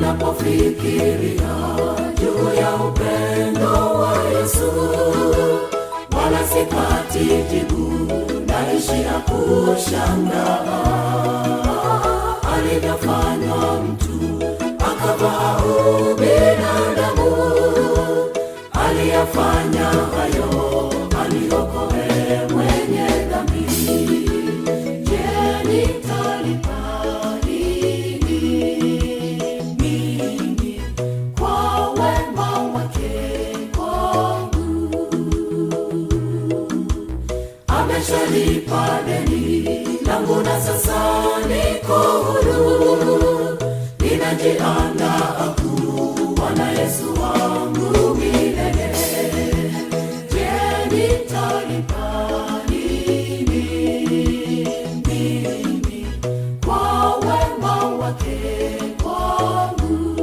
ninapofikiria juu ya upendo wa Yesu, wala sipati jibu, naishia kushangaa alivyofanywa mtu akavaa ubinadamu, aliyafanya hayo aliokoe amenipa deni langu na sasa niko huru, ninajiandaa kuwa na Yesu wangu milele. Je, nitalipa nini mimi kwa wema wake kwangu?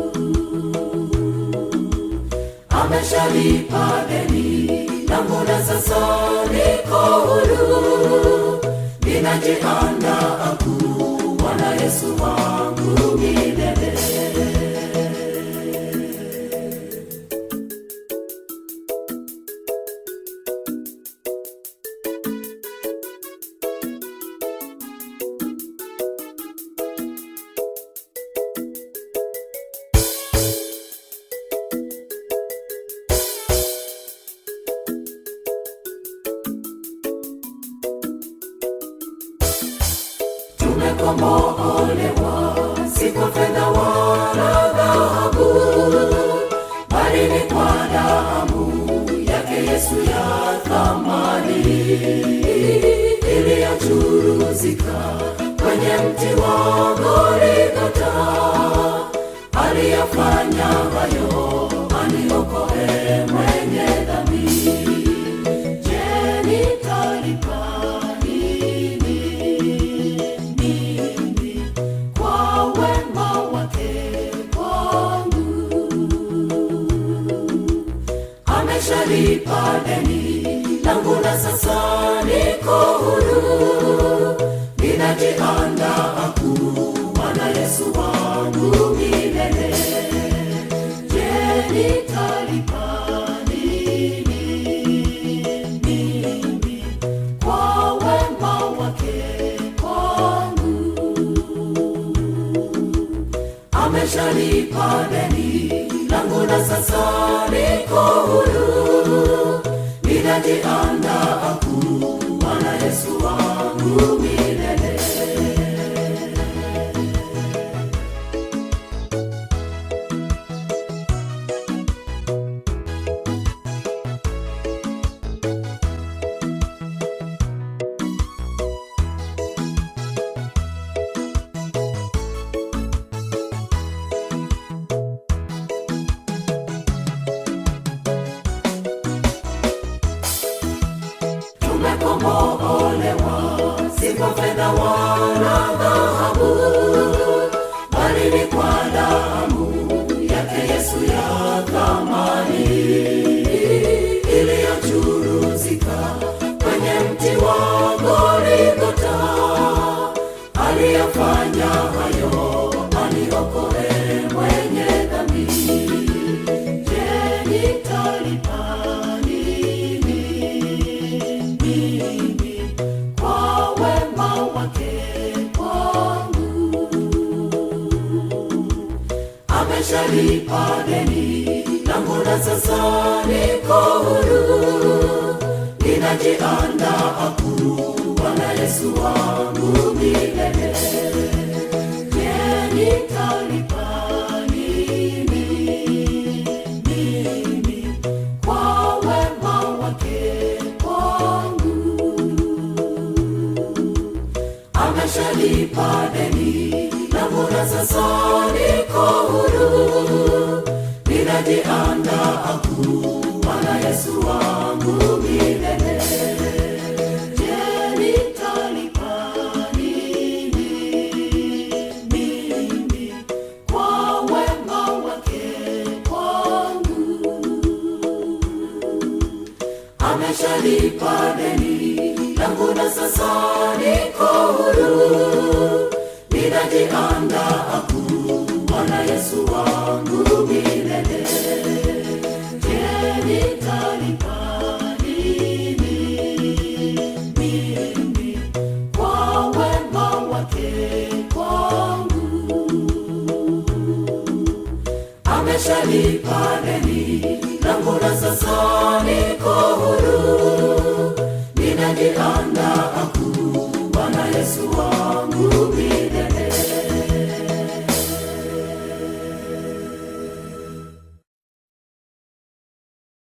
Ameshalipa deni langu la sasa liko huru, ninajiandaa kuwa na Yesu wangu milele. nitakombolewa, si kwa fedha wala dhahabu, bali ni kwa damu yake Yesu ya thamani iliyochuruzika kwenye mti wa Golgotha. Aliyafanya hayo aniokoe Babeli langu na sasa niko huru, ninajiandaa kuwa na Yesu wangu mimi nilipookolewa, si kwa fedha wala dhahabu, bali ni kwa damu yake Yesu ya thamani iliyochuruzika kwenye mti wa Golgotha aliyofanya Nipadeni, langu la sasa liko huru, ninajiandaa kuru Bwana Yesu wangu milele. Ameshalipa deni langu la sasa Bwana wangu, Bwana Yesu wangu milele. Je, nitalipa nini mimi kwa wema wake kwangu? Ameshalipa deni langu na sasa niko huru. Ninajiandaa kuu, Bwana Yesu wangu Nimesha lipa deni langu na sasa niko huru, ninajiandaa